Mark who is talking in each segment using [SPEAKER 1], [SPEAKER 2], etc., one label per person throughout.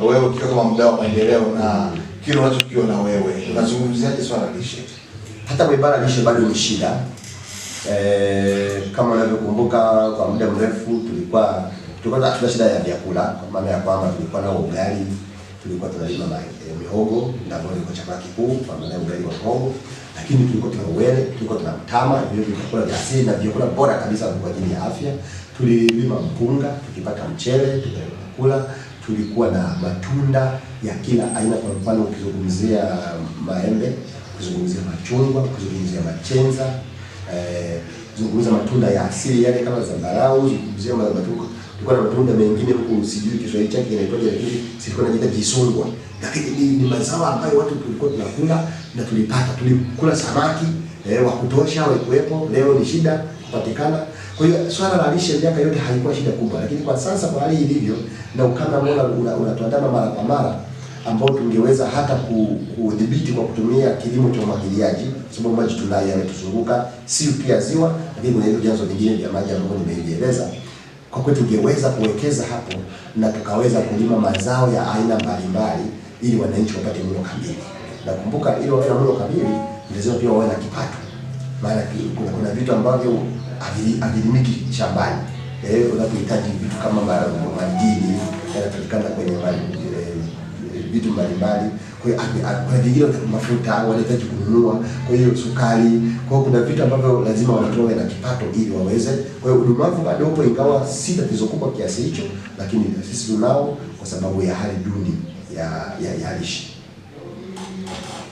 [SPEAKER 1] wewe ukiwa kama mdau wa maendeleo na kile unachokiona wewe unazungumziaje swala lishe?
[SPEAKER 2] Hata kwa ibara lishe bado ni shida e, kama unavyokumbuka kwa muda mrefu tulikuwa tulikuwa tuna shida ya vyakula, kwa maana ya kwamba tulikuwa na ugali, tulikuwa tunalima eh, mihogo na ndio ilikuwa chakula kikuu, kwa maana ya ugali wa mihogo, lakini tulikuwa tuna uwele, tulikuwa tuna mtama, vile vyakula vya asili na vyakula bora kabisa kwa ajili ya afya. Tulilima mpunga, tukipata mchele, tukakula tulikuwa na matunda ya kila aina. Kwa mfano ukizungumzia maembe, ukizungumzia machungwa, ukizungumzia machenza eh, zungumza matunda ya asili yale kama zambarau, zungumzia matunda tulikuwa na matunda mengine huku, sijui Kiswahili chake inaitwaje, lakini sikuwa tulikuwa tunaita lakini ni, ni mazao ambayo watu tulikuwa tunakula na tulipata, tulikula samaki eh, wa kutosha walikuwepo. Leo ni shida kupatikana. Kwa hiyo swala la lishe miaka yote halikuwa shida kubwa, lakini kwa sasa kwa hali ilivyo na ukame ambao unatuandama mara kwa mara ambao tungeweza hata kudhibiti kwa kutumia kilimo cha umwagiliaji, sababu maji tunayo yametuzunguka, si pia ziwa, lakini kuna hizo vyanzo vingine vya maji ambavyo nimeieleza. Kwa kweli tungeweza kuwekeza hapo na tukaweza kulima mazao ya aina mbalimbali ili wananchi wapate mlo kamili. Nakumbuka ili wawe na mlo kamili, ndio pia wawe na kipato, maana kuna, kuna vitu ambavyo havilimiki shambani eh, unapohitaji vitu kama madini yanapatikana kwenye eh, vitu mbalimbali. Kwa hiyo kuna vingine mafuta wanahitaji kununua, kwa hiyo sukari. Kwa hiyo kuna vitu ambavyo lazima watoe na kipato ili waweze. Kwa hiyo udumavu bado upo, ingawa si tatizo kubwa kiasi hicho, lakini sisi tunao kwa sababu ya hali duni ya, ya, ya lishe.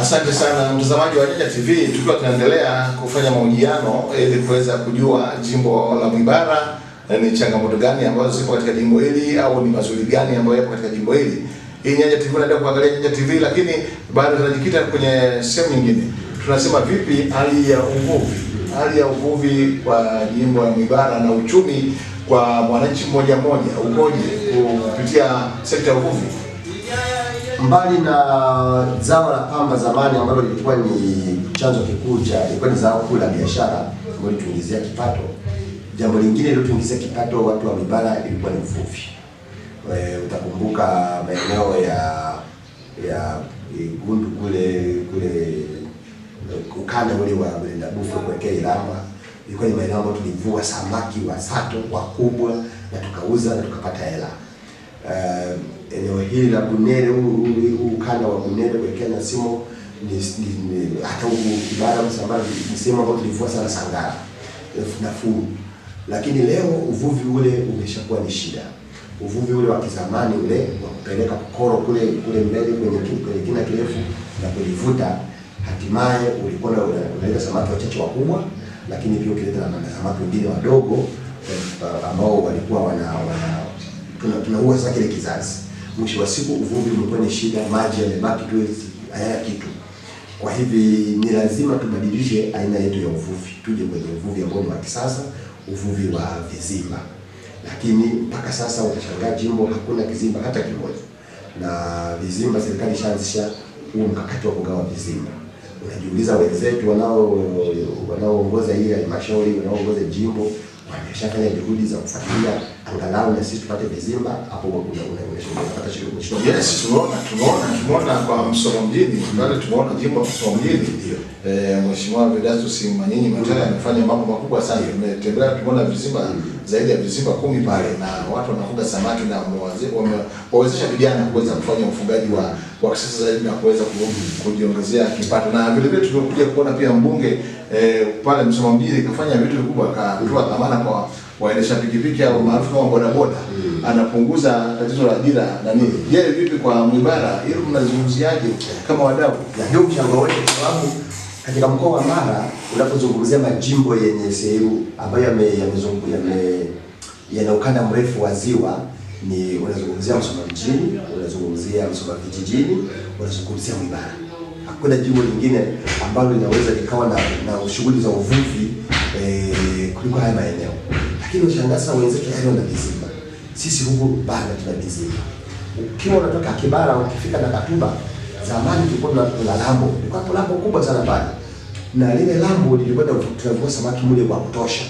[SPEAKER 1] Asante sana mtazamaji wa Jija TV, tukiwa tunaendelea kufanya mahojiano ili kuweza kujua jimbo la Mwibara ni changamoto gani ambazo zipo katika jimbo hili au ni mazuri gani ambayo yapo katika jimbo hili. Hii Nyanja TV unaendelea kuangalia Nyanja TV, lakini bado tunajikita kwenye sehemu nyingine. Tunasema vipi hali ya uvuvi, hali ya uvuvi kwa jimbo la Mwibara na uchumi kwa mwananchi mmoja mmoja ukoje kupitia sekta ya uvuvi
[SPEAKER 2] mbali na zao la pamba zamani ambalo lilikuwa ni chanzo kikuu cha ilikuwa ni zao kuu la biashara ambalo lituingizia kipato, jambo lingine lilotuingizia kipato watu wa Mibara ilikuwa ni uvuvi. Eh, utakumbuka maeneo ya ya Gundu kule kule eh, ukanda ule wa Dabufu kuelekea Ilamba ilikuwa ni maeneo ambayo tulivua samaki wa sato wakubwa na tukauza na tukapata hela. Uh, eneo hili la Bunere, huu ukanda wa Bunere kuelekea Nasimo ni hata huku Kibara Msambara ni sehemu ambayo tulivua sana sangara nafuu, lakini leo uvuvi ule umeshakuwa ni shida. Uvuvi ule wa kizamani ule wa kupeleka kokoro kule kule mbele kwenye kwenye kina kirefu na kulivuta, hatimaye ulikuwa unaleta samaki wachache wakubwa, lakini pia ukileta na samaki wengine wadogo eh, ambao walikuwa wana, wana tunaua tuna sasa kile kizazi mwisho wa siku uvuvi umekuwa ni shida, maji yamebaki tu haya kitu. Kwa hivi ni lazima tubadilishe aina yetu ya uvuvi, tuje kwenye uvuvi ambao ni wa kisasa, uvuvi wa vizimba. Lakini mpaka sasa utashangaa, jimbo hakuna kizimba hata kimoja, na vizimba serikali ishaanzisha huu mkakati wa kugawa vizimba. Unajiuliza, wenzetu wanao wanaoongoza hii halmashauri wanaoongoza jimbo wameshafanya juhudi za kufuatilia angalau na sisi tupate vizimba hapo, kwa kuna kuna kuna unapata shilingi.
[SPEAKER 1] Yes, tunaona tunaona tunaona kwa msomo mjini bali tumeona jimbo la Msoma mjini
[SPEAKER 2] eh, Mheshimiwa Vedatus Manyinyi Matara amefanya mambo makubwa sana. Tumetembelea tumeona vizimba mm. zaidi ya vizimba kumi pale, na watu wanafuga samaki na wamewezesha vijana kuweza kufanya ufugaji wa kwa kisasa zaidi na kuweza mm. kujiongezea kipato, na vile vile tumekuja kuona pia mbunge eh, pale msomo mjini kafanya vitu vikubwa, akatoa dhamana kwa waendesha pikipiki au maarufu kama bodaboda mm. anapunguza tatizo la ajira na nini. Je, hmm. vipi kwa Mwibara, hilo mnazungumziaje hmm. kama wadau? Ndio mchango wote, kwa sababu katika mkoa wa Mara unapozungumzia majimbo yenye sehemu ambayo yamezungu yame yana ukanda mrefu wa ziwa ni unazungumzia Msoma mjini, unazungumzia Msoma vijijini, unazungumzia Mwibara. Hakuna jimbo lingine ambalo linaweza likawa na, na shughuli za uvuvi eh, kuliko haya maeneo. Lakini ushangaza wenzetu sasa na kizima. Sisi huko bado tuna kizima. Ukiwa unatoka Kibara ukifika na Katumba, zamani tulikuwa tuna lambo. Ilikuwa kula lambo kubwa sana pale. Na lile lambo lilikuwa na tunavua samaki mule kwa kutosha.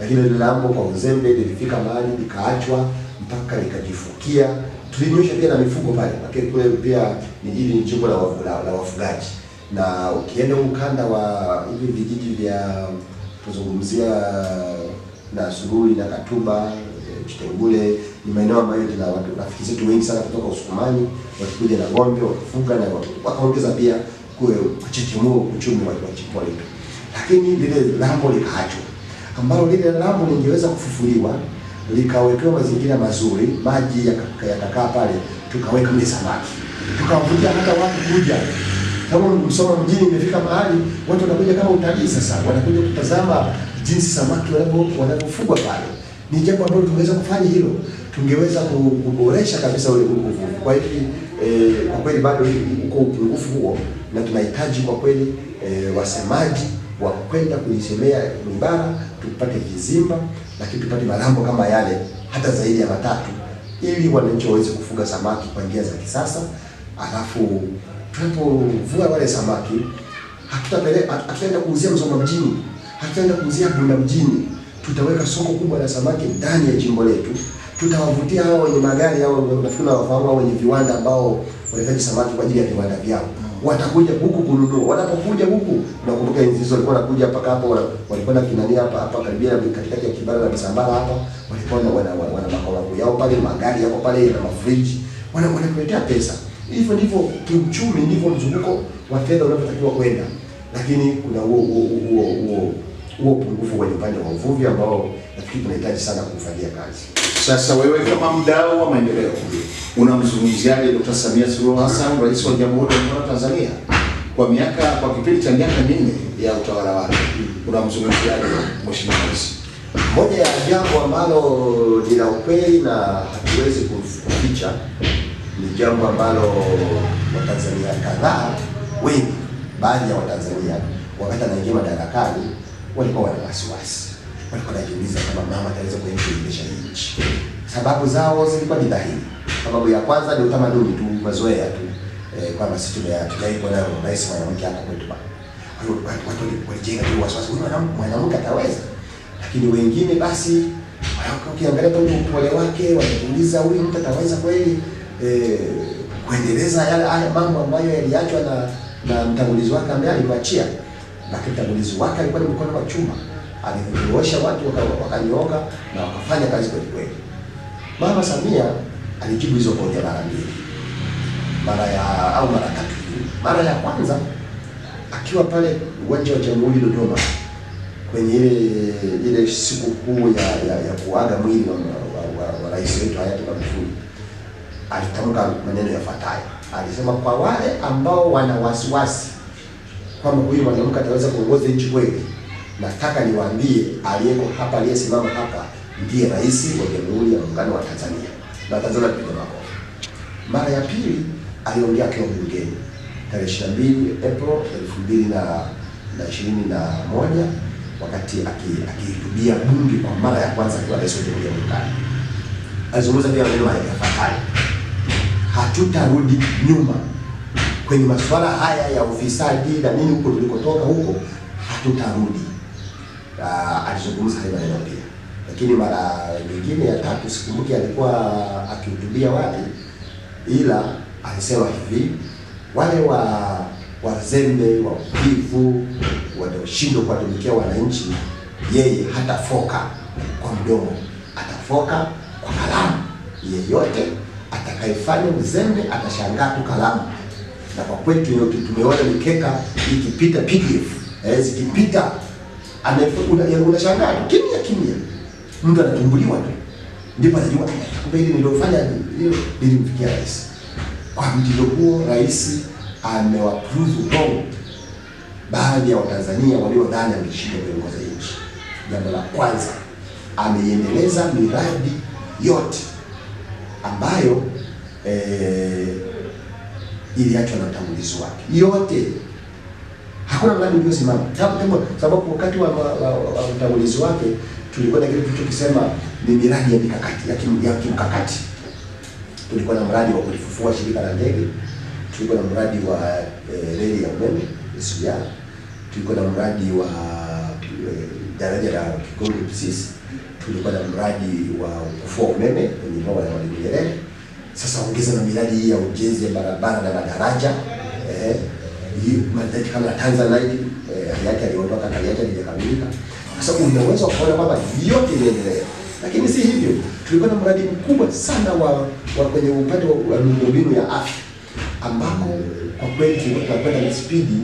[SPEAKER 2] Lakini lile lambo kwa uzembe lilifika mahali likaachwa mpaka likajifukia. Tulinyosha pia na mifugo pale. Lakini kule pia ni hili ni jimbo la, la, la wafugaji. Na ukienda ukanda wa hivi vijiji vya kuzungumzia na Subuhi na Katumba Chitembule e, ni maeneo ambayo tuna rafiki zetu wengi sana kutoka Usukumani wakikuja na ng'ombe wakifuga na wakaongeza pia kuchechemua uchumi wa jimbo letu, lakini lile lambo likaachwa, ambalo lile lambo lingeweza kufufuliwa likawekewa mazingira mazuri, maji yakakaa pale, tukaweka mle samaki, tukawavutia hata watu kuja kama Msoma mjini imefika mahali watu wanakuja kama utalii sasa, wanakuja kutazama jinsi samaki wanavyofugwa pale. Ni jambo ambalo tungeweza kufanya hilo, tungeweza kuboresha kabisa ule uvuvi. Kwa hivi eh, kwa kweli bado uko upungufu huo, na tunahitaji kwa kweli eh, wasemaji wa kwenda kuisemea Mbara, tupate vizimba lakini tupate malambo kama yale hata zaidi ya matatu, ili wananchi waweze kufuga samaki kwa njia za kisasa alafu tunapovua wale samaki hatutaenda kuuzia Msoma mjini, hatutaenda kuuzia Bunda mjini. Tutaweka soko kubwa la samaki ndani ya jimbo letu. Tutawavutia hao wenye magari hao nafikiri wafahamu, wenye viwanda ambao wanahitaji samaki kwa ajili ya viwanda vyao, watakuja huku kununua. Watapokuja huku, nakumbuka enzi hizo walikuwa wanakuja mpaka hapo, walikuwa na kinani hapa hapa karibia katikati ya Kibara na Msambara hapa, walikuwa wana wana makao yao pale, magari yao pale na mafriji, wanatuletea pesa Hivyo ndivyo kiuchumi, ndivyo mzunguko wa fedha unavyotakiwa kwenda, lakini kuna huo huo huo huo huo upungufu kwenye upande wa uvuvi ambao nafikiri tunahitaji sana kufanyia kazi.
[SPEAKER 1] Sasa wewe kama mdau wa maendeleo unamzungumziaje Dkt. Samia Suluhu Hassan, rais wa Jamhuri ya Muungano wa Tanzania, kwa miaka kwa kipindi cha miaka minne ya utawala wake, unamzungumziaje mheshimiwa rais?
[SPEAKER 2] Moja ya jambo ambalo lina ukweli na hatuwezi kuficha ni jambo ambalo Watanzania kadhaa wengi, baadhi ya Watanzania wakati anaingia madarakani walikuwa wana wasiwasi, walikuwa wanajiuliza kama mama ataweza kuendesha nchi. Sababu zao zilikuwa ni dhahiri. Sababu ya kwanza ni utamaduni tu, mazoea tu eh, kwamba sisi tunaikuwa nayo rais mwanamke hapa kwetu bana. Watu walijenga tu wasiwasi, huyu mwanamke ataweza. Lakini wengine basi, ukiangalia tu upole wake, wanajiuliza huyu mtu ataweza kweli? eh, kuendeleza yale haya mambo ambayo yaliachwa na na mtangulizi wake ambaye alimwachia lakini mtangulizi wake alikuwa ni mkono wa chuma, alinyoosha watu wakanyoka na wakafanya kazi kweli kweli. Mama Samia alijibu hizo hoja mara mbili, mara ya au mara tatu. Mara ya kwanza akiwa pale uwanja wa Jamhuri Dodoma kwenye ile ile sikukuu ya, ya, ya kuaga mwili wa, wa, wa, wa rais wetu hayati Magufuli alitamka maneno yafuatayo. Alisema kwa wale ambao wana wasiwasi kwamba huyu mwanamke ataweza kuongoza nchi kweli, nataka niwaambie aliyeko hapa, aliyesimama hapa ndiye rais wa Jamhuri ya Muungano wa Tanzania, na Tanzania piga makofi. Mara ya pili aliongea akiwa bungeni tarehe 22 April 2021 wakati akihutubia aki bunge kwa mara ya kwanza kwa rais wa Jamhuri ya Muungano, alizungumza pia maneno yafuatayo hatutarudi nyuma kwenye masuala haya ya ufisadi na nini, huko tulikotoka huko hatutarudi. Uh, alizungumza hayo maneno pia, lakini mara nyingine ya tatu sikumbuki alikuwa akihutubia wapi, ila alisema hivi, wale wa wazembe, wavivu, wanaoshindwa kuwatumikia wananchi, yeye hatafoka kwa mdomo, atafoka kwa kalamu yeyote atakayefanya mzembe atashangaa tu kalamu. Na kwa kwetu yote tumeona mikeka ikipita PDF eh, zikipita unashangaa una kimya kimya, mtu anatumbuliwa tu, ndipo anajua ah, kumbe hili nilofanya nilimfikia rais. Kwa mtindo huo rais amewapuruzi utongo baadhi ya Watanzania waliodhani ameshinda viongozi nchi. Jambo la kwanza, ameiendeleza miradi yote ambayo eh, iliachwa na utangulizi wake yote hakuna mradi uliosimama, sababu wakati wa, wa, wa, wa utangulizi wake tulikuwa na kile tukisema ni miradi ya mikakati ya ya kimkakati. Tulikuwa na mradi wa kulifufua shirika la ndege, tulikuwa na mradi wa e, reli ya umeme SGR, tulikuwa na mradi wa eh, daraja la Kigongo Busisi, tulikuwa na mradi wa kufua umeme kwenye bwawa la Mwalimu Nyerere. Sasa ongeza na miradi hii ya ujenzi ya barabara na madaraja eh, hii madaraja kama Tanzanite eh, yake aliondoka kali yake haijakamilika. Sasa unaweza kuona kwamba yote inaendelea, lakini si hivyo. Tulikuwa na mradi mkubwa sana wa, wa kwenye upande wa miundombinu ya afya ambako kwa kweli tulikuwa tunakwenda na spidi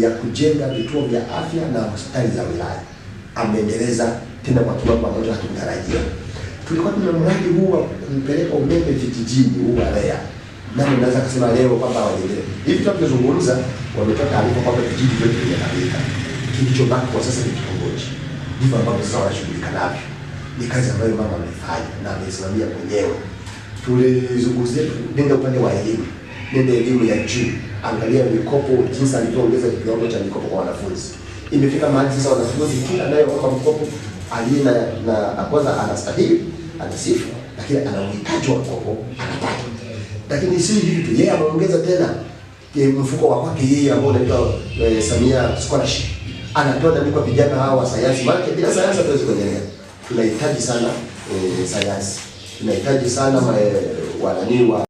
[SPEAKER 2] ya kujenga vituo vya afya na hospitali za wilaya. Ameendeleza tena kwa kiwango ambacho hatutarajia. Tulikuwa tuna mradi huu wa kumpeleka umeme vijijini huu wa REA. Nani unaweza kusema leo kwamba waendelee? Hivi tunavyozungumza, wametoka taarifa kwamba vijiji vyote vinakamilika. Kilichobaki kwa sasa ni kitongoji. Ndivyo ambavyo sasa wanashughulika navyo. Ni kazi ambayo mama amefanya na amesimamia mwenyewe. Tulizungumzia nenda upande wa elimu, nenda elimu ya juu, angalia mikopo, jinsi alivyoongeza kiwango cha mikopo kwa wanafunzi. Imefika mahali sasa wanafunzi kila anayeomba mkopo alina na kwanza anastahili, anasifu, lakini ana uhitaji wa mkopo, anapata. Lakini si hivi tu, yeye ameongeza tena e, mfuko wa kwake yeye ambao unaitwa e, Samia scholarship anatoa ndani kwa vijana hawa wa sayansi, maana bila sayansi hatuwezi kuendelea. Tunahitaji sana e, sayansi, tunahitaji sana e, wanani wa